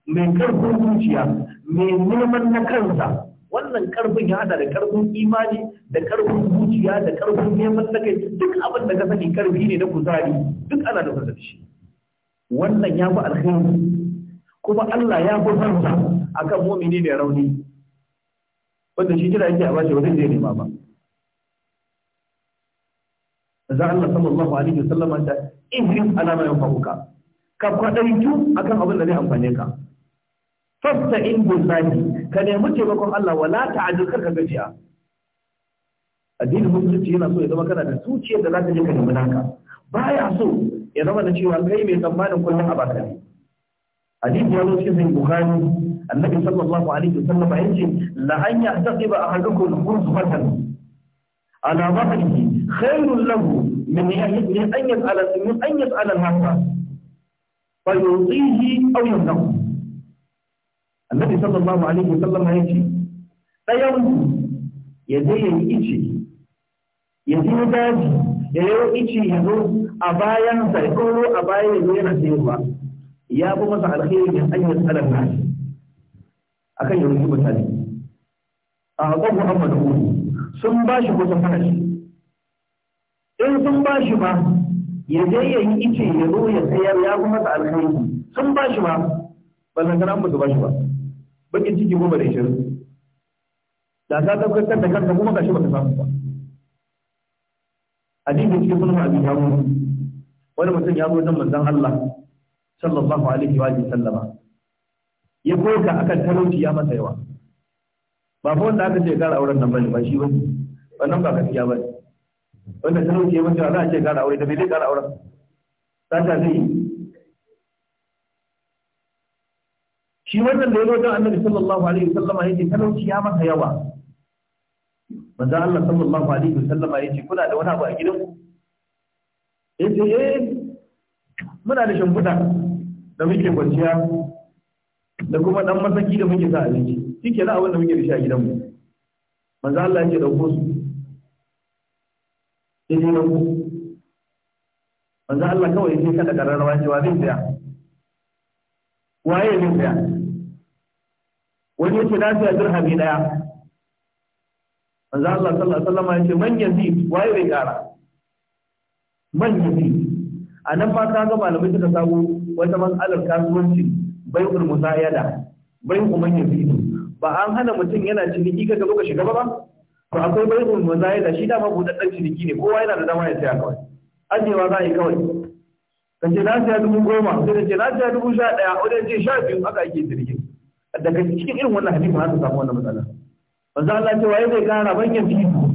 mai karfin zuciya mai neman na kansa wannan karfin ya hada da karfin imani da karfin zuciya da karfin neman na kai duk abin da ka sani karfi ne na kuzari duk ana da kusa shi wannan ya fi alkhairi kuma Allah ya fi sa akan mumini mai rauni wanda shi jira yake a bashi wajen ya nema ba za Allah sallallahu alaihi wasallam ta ihrim ala ma yanfa'uka ka kwadaitu akan abin da zai amfane ka fasta in billahi ka nemi taimakon Allah wala ta'ajil karka gajiya addinin musulunci yana so ya zama kana da zuciyar da za ka je ka nemi naka baya so ya zama da cewa kai mai tsammanin kullum a baka ne hadisi ya zo cikin sahih bukhari annabi sallallahu alaihi wasallam ya ce la an yahtaqiba ahadukum hurfatan ala dhahrihi khairun lahu min an yas'ala min an yas'ala al-hasan fa yutihi aw yamnahu annabi sallallahu alaihi wasallam ya ce ɗayan ya je ya yi ice ya je daji ya yi ice ya zo a bayan sa ya tsoro a bayan ya zo yana sayarwa ya fi masa alheri ne an yi tsalar shi. akan ya rubuta mutane a hakan Muhammad sun ba shi ko hana shi in sun ba shi ba ya je ya yi ice ya zo ya sayar ya fi masa alheri sun ba shi ba ballan kana ba ka bashi ba bakin ciki goma da ishirin da ka tabbatar da kanka kuma gashi baka samu ba hadisi cikin sunan abi dawud wani mutum ya zo wajen manzon Allah sallallahu alaihi wa sallama ya koka akan talauci ya masa yawa ba fa wanda aka ce gara auren nan bane ba shi bane wannan ba gaskiya bane wanda talauci ya masa yawa za a ce gara aure da bai zai gara auren sata zai yi shi wannan da ya zo don annabi sallallahu alaihi wasallama ya ce talauci ya masa yawa manzo Allah sallallahu alaihi wasallama ya ce kuna da wani abu a ku? ya ce eh muna da shimfiɗa da muke kwanciya da kuma dan masaki da muke sa abinci shi ke na abin da muke da shi a gidanmu manzo Allah ya ce dauko su ya ce dauko manzo Allah kawai ya ce kada kararrawa ce wa zai tsaya waye ne saya wani yace na saya dirhami daya manzo Allah sallallahu alaihi wasallam yace man yazid waye zai kara man yazid a nan fa ka ga malamai suka sabo wata mas'alar kasuwanci bai'ul musayada ku man yazid ba an hana mutum yana ciniki ga ka shiga ba to akwai bai bai'ul musayada shi da ma budaddan ciniki ne kowa yana da dama ya saya kawai ajewa za a yi kawai kan ce na siya dubu goma sai da ce na siya dubu sha ɗaya wani ce sha biyu haka ake jirgin daga cikin irin wannan hadisi har ta samu wannan matsala manzo Allah ce waye zai kara banyan fitu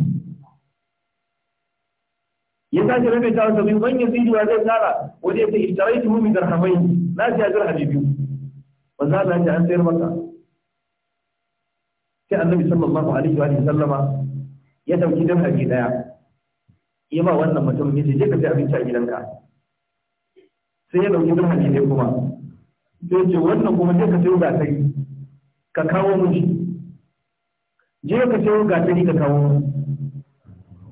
ya sace rabe ta wasa biyu banyan fitu wa zai kara wani ya ce ishtaraitu min dirhamai na siya dirhami biyu manzo Allah ce an sayar maka sai annabi sallallahu alaihi wa sallama ya dauki dirhami daya ya ba wannan mutum ya ce je ka ci abinci a gidanka sai ya dauki duk ne kuma sai ce wannan kuma sai ka sayo gatari ka kawo mun shi je ka sayo gatari ka kawo mun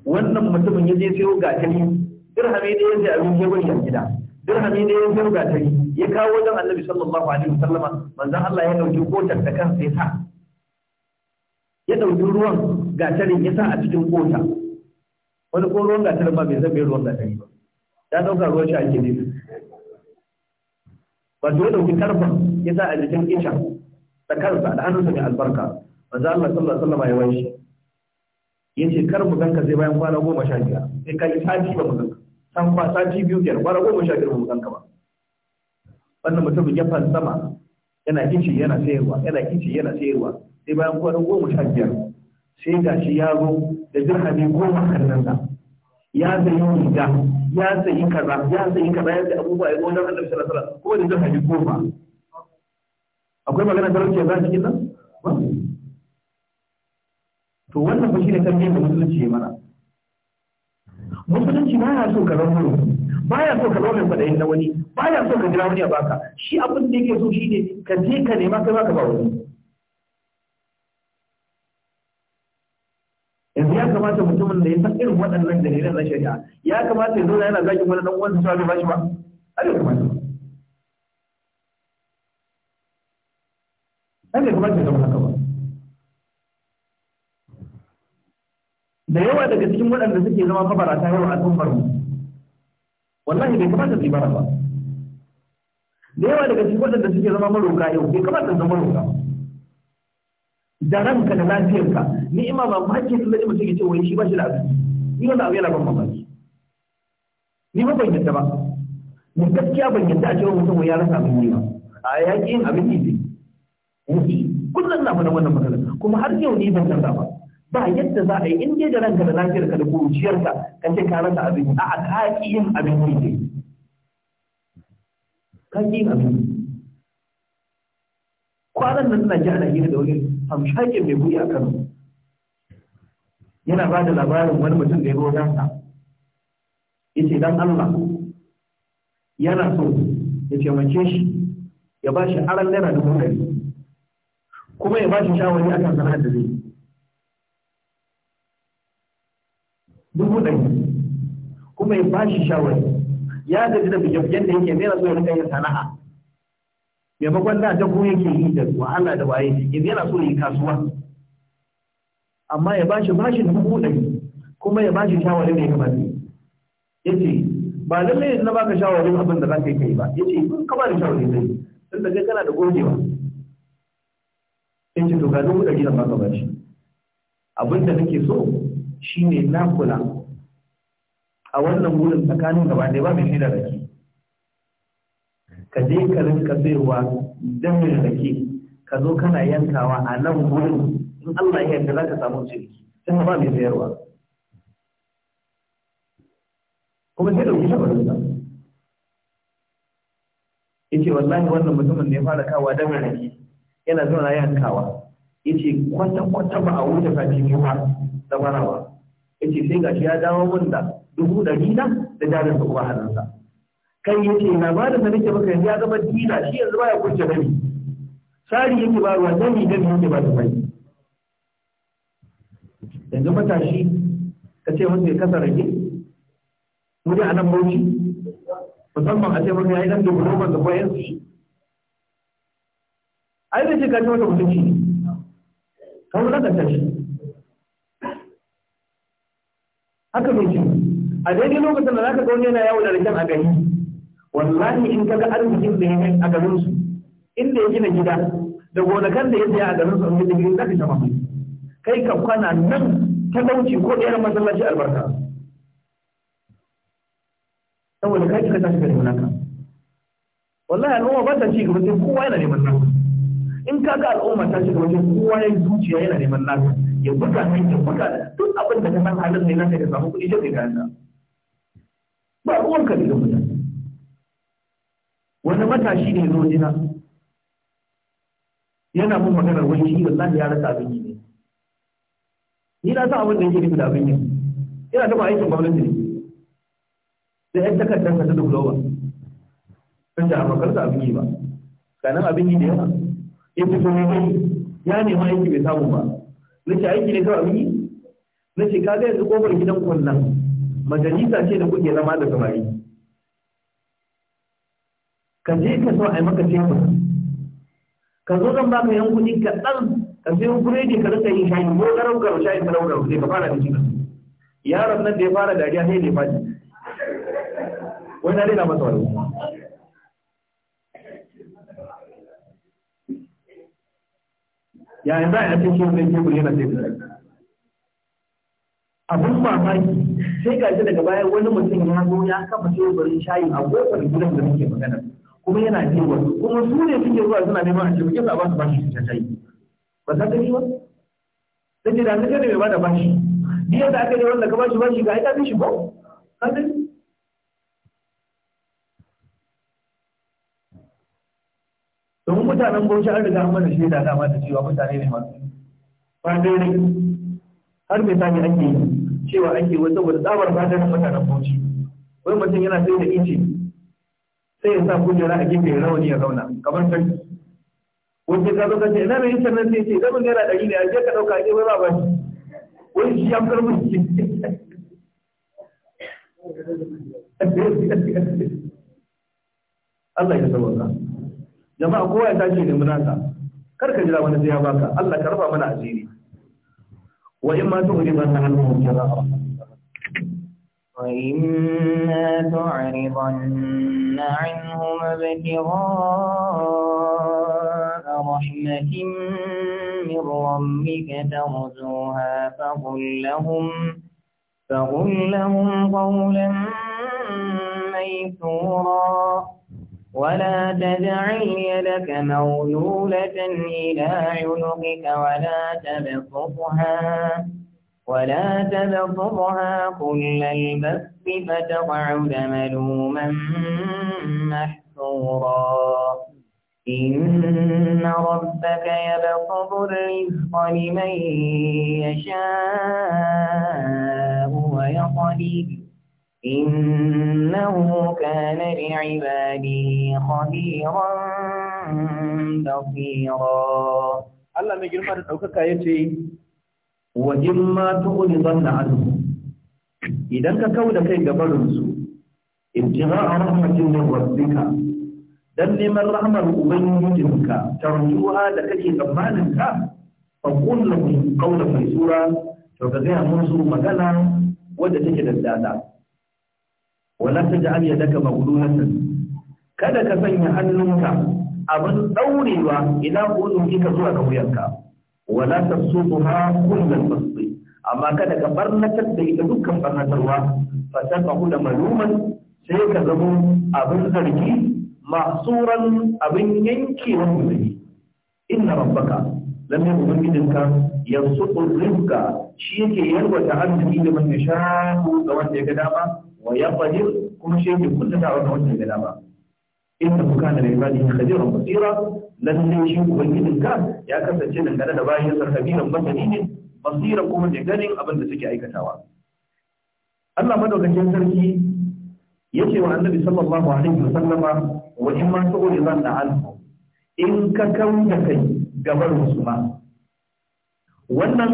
wannan mutumin ya je sayo gatari dirhami ne ya sai abin ya bari a gida dirhami ne ya sayo gatari ya kawo wajen annabi sallallahu alaihi wasallama manzon Allah ya dauki kotar da kansa ya sa ya dauki ruwan gatari ya sa a cikin kota wani ko ruwan gatari ba bai zabe ruwan gatari ba ya dauka ruwan shi a nufi wato ya dauki karfan ya sa a jikin isha da kansa da hannunsa mai albarka manzo Allah sallallahu alaihi wasallam ya wanshi yace kar mu ganka sai bayan kwana goma sha biyar sai kai sati ba mu ganka san kwa sati biyu biyar kwana goma sha biyar ba mu ganka ba wannan mutumin ya sama yana kici yana sayarwa yana kici yana sayarwa sai bayan kwana goma sha biyar sai gashi ya zo da dirhami goma nan ya yi riga ya sayi kaza ya sayi kaza ya sayi abubuwa ya zo wajen annabi sallallahu alaihi wasallam kuma da zai haji goma akwai magana ta ya za cikin nan to wannan ba shi ne tarbiyyar da musulunci ya mana musulunci ba ya so ka zama ba ya so ka zama mai kwaɗayin na wani ba ya so ka jira wani a baka shi abin da yake so shi ne ka je ka nema kai ba ka ba wani mutumin da ya san irin waɗannan dalilan na shari'a ya kamata ya zauna yana zagin wani ɗan uwansa cewa bai bashi ba a ya kamata har ya kamata ya zama haka ba da yawa daga cikin waɗanda suke zama mabarata yau a tun farko wallahi bai kamata su yi bara ba da yawa daga cikin waɗanda suke zama maroka yau bai kamata su zama maroka ba da ranka da lafiyarka ni'ima ba mu ke tsalle mutum ya ce wai shi ba shi da abinci ni wannan abu yana ban mamaki ni ba ban yadda ba ni gaskiya ban yadda a cewa mutum wai ya rasa abin yi ba a yaƙi yin abin yi ne kullum na faɗa wannan matsalar kuma har yau ni ban canza ba ba yadda za a yi in dai da ranka da lafiyarka da kuruciyarka ka ce ka rasa abin a a ka yin abin yi ne ka yin abin yi kwanan nan suna ji ana hira da wani hamshakin mai kuɗi a kano yana ba da labarin wani mutum da ya roƙa sa ya ce dan allah yana so ya taimake shi ya ba shi aran naira dubu ɗari kuma ya ba shi shawari kan sana'ar da zai dubu ɗari kuma ya bashi shawari ya gaji da bijabijan da yake mera zuwa rika yin sana'a maimakon da ta kuma yake yi da wahala da waye yanzu yana so yi kasuwa amma ya bashi bashin dubu ɗari kuma ya bashi shawarin da ya kamata ya ce ba lallai na baka shawarin abin da za ka yi kai ba ya ce kun ka bani shawarin zai tun da kai kana da gogewa ya ce to ga dubu ɗari na baka bashi abin da nake so shine na kula a wannan wurin tsakanin gaba ɗaya ba mai shaida da ke ka je ka rinka don mai rake ka zo kana yankawa a nan wurin in Allah ya yarda za ka samu ciki sai ba mai sayarwa kuma sai da dauki shawarar sa yace wallahi wannan mutumin ne ya fara kawa damin rake yana zauna yankawa yace kwata kwata ba a wuce ka cikin ba da Ya yace sai gashi ya dawo mun da dubu ɗari na da jarin sa kuma hannunsa kai yake na ba da nake maka yanzu ya zama dina shi yanzu baya kurce dami sari yake ba ruwa dami dami yake ba da mai yanzu matashi ka ce masa ya kasa rage wuri a anan bauchi musamman a ce ya yi dan roman da bayan shi ai da shi ka ce wata mutunci ne kan tashi haka mai ce a daidai lokacin da za ka ga wani yana yawo da rikin a gani wallahi in kaga arzikin da ya a garin su inda ya gina gida da gonakan da ya saya a garin su in gida zaka shafa kai ka kwana nan talauci ko ɗayar masallaci albarka saboda kai kika tashi garin naka wallahi al'umma ba ta ci gaba sai kowa yana neman naka in kaga al'umma ta ci gaba sai kowa ya zuciya yana neman naka ya buga kai ya buga duk abin da ka san halin ne naka ya samu kuɗi sai ka ganta ba ruwan ka da mutane wani matashi ne zo jina yana mun maganar wani shi wallahi ya rasa abin yi ne ni na sa abin da yake nufi da abin yi Ina da aikin gwamnati ne da yan takardar ka ta dublowa sun da abokan sa abin yi ba kanan abin yi da yawa ya fito ne ya nema aiki bai samu ba na ce aiki ne kawai abin yi na ce kaga yanzu kofar gidan kunnan majalisa ce da kuke zama da samari ka je ka so a yi maka tefa ka zo zan baka yan kuɗi ka ɗan ka sayo buredi ka rika yin shayi ko garau garau shayi garau garau sai ka fara da cikin yaron nan da ya fara dariya sai da ya faɗi wani na daina masa wani yayin za a yi cikin wani kebul yana sai abin mamaki sai ga shi daga bayan wani mutum ya zo ya kafa teburin shayin a kofar gidan da muke magana kuma yana biyan wasu kuma su ne suke zuwa suna neman a cikin ba su bashi ta tayi ba za ta yi ba sai ce da ka ne mai bada bashi biyan da aka yi wanda ka bashi bashi ga aika shi ba ka gani domin mutanen bauchi an riga an mana shaida dama da cewa mutane ne masu fadere har mai sani ake yi cewa ake wasu saboda tsabar fadarin mutanen bauchi wani mutum yana sai da ice sai ya sa kujera a gefe rawani ya zauna kamar sarki wanda ka zo ka ce ina mai internet sai ce zama mun naira ɗari ne a je ka ɗauka a gefe ba ba shi wani shi ya fitar musu ce. Allah ya sauka jama'a kowa ya tashi da munasa kar ka jira wani zai ya baka Allah ka rufa mana asiri wa in ma tu'ri ba ta hannu ba وإما تعرضن عنهم ابتغاء رحمة من ربك ترجوها فقل لهم فقل لهم قولا ميسورا ولا تجعل يدك مولولة إلى عنقك ولا تبسطها ولا تبصرها كل البث فتقعد ملوما محسورا إن ربك يبصر الرزق لمن يشاء ويقدر إنه كان لعباده خبيرا بصيرا الله مجرم أن أوكاكا wa in ma dhanna anhu idan ka kauda da kai gabarin su ibtigha'a rahmatin min rabbika dan neman rahmar ubangijinka tarjuha da kake tsammanin ka fa qul lahum qawlan maysura to ka ga musu magana wadda take da dada wala taj'al yadaka maghlulatan kada ka sanya hannunka abin daurewa ila ulun ka zuwa ga wuyanka wala tasubuha kullal basti amma kada ka barnatar da ita dukkan barnatarwa fa tafahu da maluman sai ka zamo abin zargi mahsuran abin yankewa mutum inna rabbaka lalle ubangijinka yanzu rizqa shi yake ta arziki da man yasha ga wanda ya ga dama wa yaqdir kuma shi yake kullata wa wanda ya ga dama Inda inna kana li ibadihi khabiran basira lalle shi ubangijin ka ya kasance dangane da bayan sa khabiran basani ne basira kuma da ganin abin da suke aikatawa Allah madaukakin sarki yace wa annabi sallallahu alaihi wasallama wa in ma sa'uri zan da alfu in ka kawo da kai gabar musulma wannan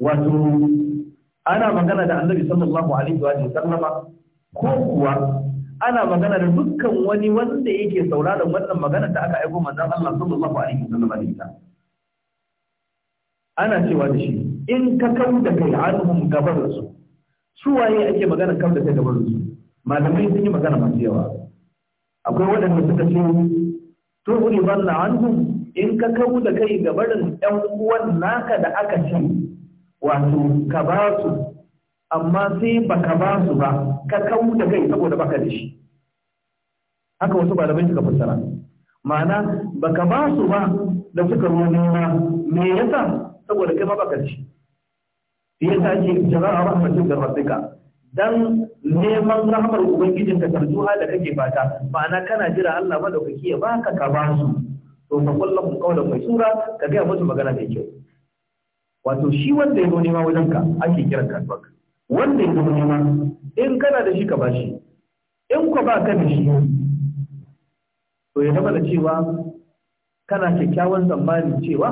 wato ana magana da annabi sallallahu alaihi wasallama ko kuwa ana magana da dukkan wani wanda yake sauraron wannan magana da aka aiko manzon Allah sallallahu alaihi wasallam da ita ana cewa da shi in ka kawo da kai anhum gabar su su waye ake magana kawo da kai gabar su malamai sun yi magana masu yawa akwai waɗanda suka ce to uri banna anhum in ka kawo da kai gabarin ɗan uwan naka da aka ce wato ka ba su amma sai baka ba su ba ka kawo da kai saboda baka da shi haka wasu ba da bai suka fassara ma'ana baka ba su ba da suka ruwa nema me yasa saboda kai ma baka da shi shi yasa ce jama'a rahmatin da rabbika dan neman rahmar ubangijin ka tarjuha da kake fata ma'ana kana jira Allah madaukaki ya baka ka ba su to ka kullum kaulan mai tura ka ga musu magana mai kyau wato shi wanda ya zo nema wajenka ake kiran kasuwa wanda ya zama nema in kana da shi ka ba shi in ku ba ka da shi to ya zama da cewa kana kyakkyawan tsammanin cewa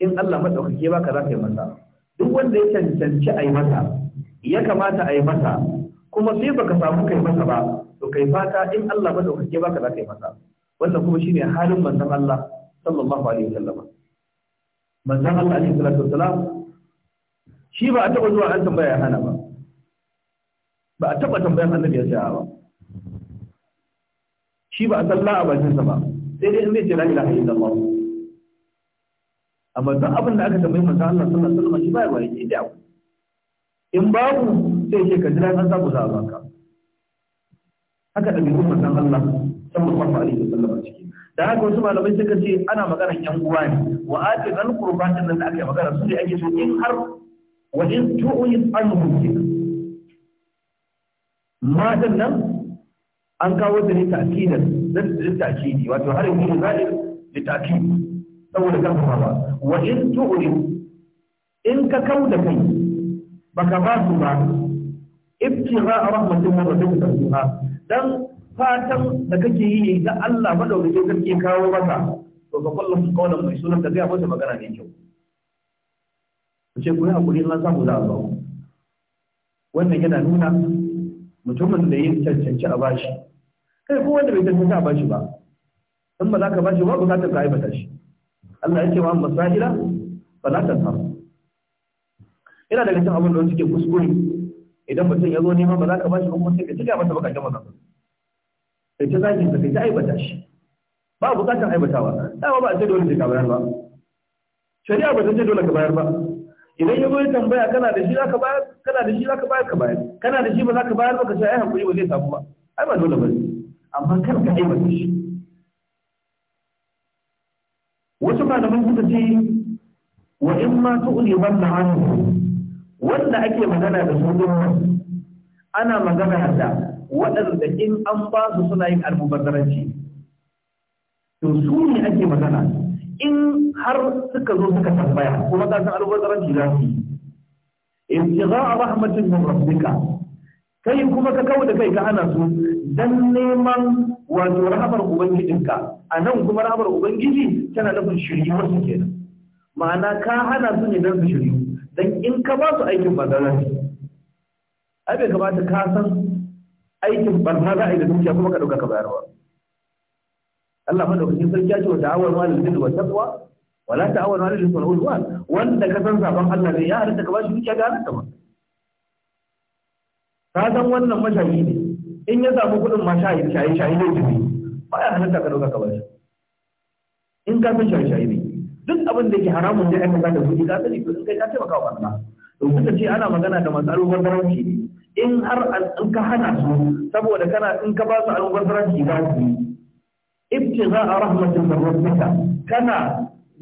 in Allah maɗaukake ba ka za ka yi masa duk wanda ya cancanci a yi masa ya kamata a yi masa kuma sai baka samu kai masa ba to kai fata in Allah madaukake ka za ka yi masa wannan kuma shine halin manzon Allah sallallahu alaihi wasallam manzon Allah alaihi salatu wasallam shi ba a taɓa zuwa an tambaya hana ba ba a taɓa tambayan annabi ya tsaya ba shi ba a tsalla a sa ba sai dai inda zai ce la ilaha illallah amma duk abin da aka tambayi manzo Allah sallallahu alaihi wasallam shi ba ya yi idan in babu sai ce ka jira an samu za ka haka da bin manzo Allah sallallahu alaihi wasallam ciki da haka wasu malamai suka ce ana maganar yan uwa ne wa ati al qurbatin nan da aka yi magana su ne ake so in har wa in tu'id anhu matan nan an kawo ta ne ta'kidan dan ta'kidi wato har yanzu zalim da ta'kid saboda karfafa ba wa in tu'id in ka kauda kai baka ba su ba ibtiha rahmatin rabbika tuha dan fatan da kake yi da Allah madaukakin sarki kawo maka to ka kullum kaulan mai sunan da zai masa magana ne kyau ce ku yi haƙuri samu za a ba wannan yana nuna mutumin da ya cancanci a bashi kai ko wanda bai cancanci a bashi ba in ba za ka bashi ba bukatar ka aibata shi Allah ya ce wa masahila ba za ta samu yana daga cikin abin da suke kuskure idan mutum ya zo neman ba za ka bashi ba kuma sai ka cika masa baka gama kan sai ta zaki ka sai ta aibata shi ba bukatar aibatawa dama ba a ce dole ka bayar ba shari'a ba ta ce dole ka bayar ba idan ya goyi tambaya kana da shi zaka bayar kana da shi zaka bayar ka bayar kana da shi ba zaka bayar ba ka ce ai ba zai samu ba ai ba dole bane amma kar ka aibata shi wasu malaman suka ce wa in ma tu'li banna anhu wanda ake magana da su din ana magana da waɗanda in an ba su suna yin almubazzaranci to su ne ake magana in har suka zo suka tambaya kuma ka san albazaranci za su yi ibtigha rahmatin min rabbika kai kuma ka kawo da kai ka hana su dan neman wato rahamar ubangijinka a nan kuma rahamar ubangiji tana nufin shiryuwar su kenan ma'ana ka hana su ne dan su shiryu dan in ka ba su aikin bazara ai bai kamata ka san aikin barna za a yi da dukiya kuma ka ɗauka ka bayarwa Allah madaukakin sarki ya ce wa ta'awar ma lil wa taqwa wa la ta'awar ma lil wal udwan wanda ka san sabon Allah ne ya halatta ka ba shi dukiya ga halatta ba ka san wannan mashayi ne in ya samu kudin ma shayi shayi shayi ne dubi ba ya halatta ka dauka ka ba shi in ka san shayi shayi ne duk abin da yake haramun da aka zata kuɗi ka sani to in kai ka taimaka wa wannan to kuka ce ana magana da matsalolin ne in har in ka hana su saboda kana in ka ba su albarbaranci za su yi ابتغاء رحمة من ربك كنا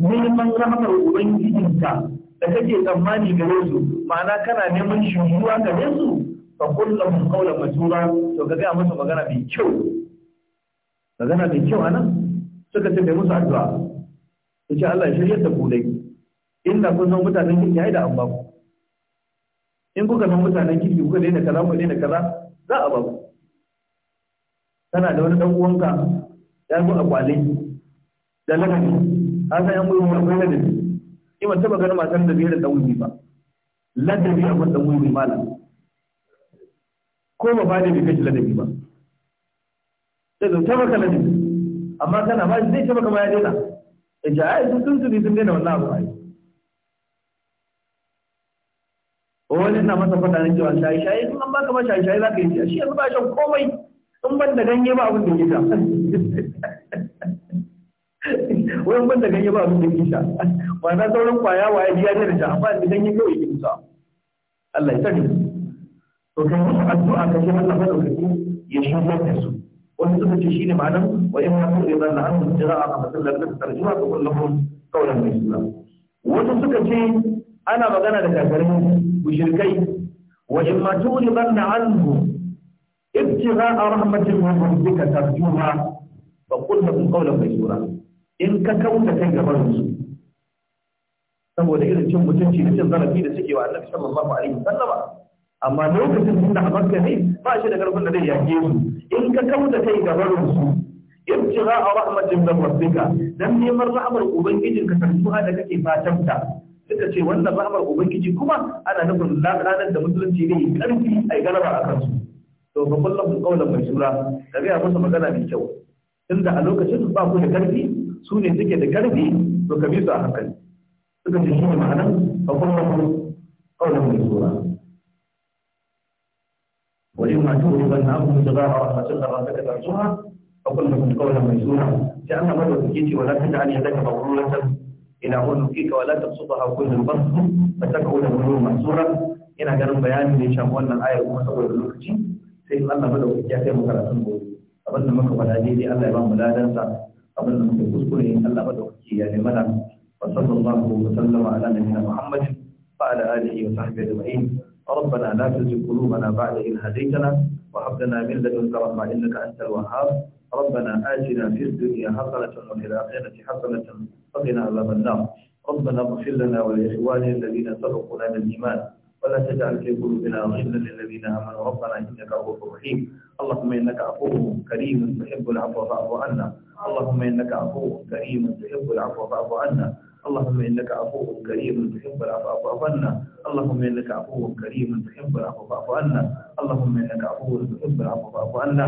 neman rahmar ubangijinka da kake tsammani gare mana ma'ana kana neman shiriwa gare su fa kullu mun qawla matura to ka ga musu magana mai kyau magana mai suka ce bai musu addu'a insha Allah ya shirye ta kudai inda kun san mutanen kike ai da an baku in kuka san mutanen kike kuka daina kaza ku daina kaza za a baku kana da wani dan uwanka ya zo a kwale da ladabi an san yan gwiwa akwai ladabi ni ban taba gani matan da biyar da ɗauri ba ladabi a kan ɗauri malam ko ba ba da bai kashi ladabi ba sai zai taimaka ladabi amma kana ba zai taimaka ma ya daina ya ce ai sun sun sun daina wannan abu ai wani na masa faɗa na cewa shayi shayi sun an baka ma shayi shayi za ka yi shi yanzu ba shan komai in ban da ganye ba abin da ke sha wai ban da ganye ba abin da ke sha ba na sauran kwaya ya biya da sha amma da ganye kawai ke sha Allah ya sani to kan wasu addu'a ka shi Allah madaukaki ya shirya da su wani suka ce shi ne ma'anar wa in su idan na an jira'a a matsalar da tarjuma ga kullum kawai mai suna wasu suka ce ana magana da kakarin mushrikai wa in ma na anhu ابتغاء رحمة من ربك ترجوها فقل لهم قولا ميسورا in ka kauta kai gaban su saboda irin cin mutunci da cin zarafi da suke wa annabi sallallahu alaihi wasallama amma lokacin da Makka ne ba shi da karfin da zai yake su in ka kauta kai gaban su ibtiga rahmatin min rabbika dan neman rahmar ubangijin ka tantuha da kake fatan ta suka ce wannan rahmar ubangiji kuma ana nufin ranar da musulunci ne karfi ai galaba akan su to fa kullum qawlan mansura ka ga musu magana mai kyau tunda a lokacin ba ku da karfi su ne suke da karfi to ka bi su a hankali suka ce shi ma'ana fa kullum qawlan mansura ولما تورب النعم صغار رحمة الله ربك ترجوها فقل لكم قولا ميسورا لأن مرة تجيتي ولا تجعل يدك مغلولة إلى عنقك ولا تبسطها كل البسط فتقعد الغلول محصورا إن كان بيان من شاموان الآية ومسؤول الوقتي sai Allah madauki ya kai mu karatun gobe abin da muka faɗa daidai Allah ya ba mu ladan sa abin da muka kuskure Allah madaukaki ya nemi mana wa sallallahu wa sallama ala nabiyyina Muhammadin wa ala alihi wa sahbihi ajma'in ربنا لا تزغ قلوبنا بعد إذ هديتنا وهب لنا من لدنك رحمة إنك أنت الوهاب ربنا آتنا في الدنيا حسنة وفي الآخرة حسنة وقنا عذاب النار ربنا اغفر لنا ولإخواننا الذين سبقونا بالإيمان ولا تجعل في قلوبنا غلا للذين امنوا ربنا انك رؤوف رحيم اللهم انك عفو كريم تحب العفو فاعف عنا اللهم انك عفو كريم تحب العفو فاعف عنا اللهم انك عفو كريم تحب العفو فاعف عنا اللهم انك عفو كريم تحب العفو فاعف عنا اللهم انك عفو تحب العفو فاعف عنا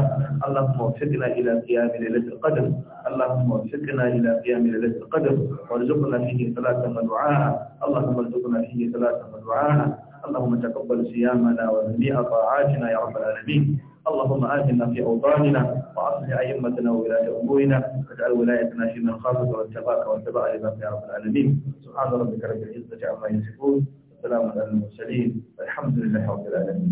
اللهم وفقنا الى قيام ليله القدر اللهم وفقنا الى قيام ليله القدر وارزقنا فيه من دعاء اللهم ارزقنا فيه من دعاء اللهم تقبل صيامنا وجميع طاعاتنا يا رب العالمين اللهم آتنا في أوطاننا وأصلح أئمتنا وولاة أمورنا واجعل ولايتنا في من خافك واتباك واتبع لما يا رب العالمين سبحان ربك رب العزة عما يصفون وسلام على المرسلين والحمد لله رب العالمين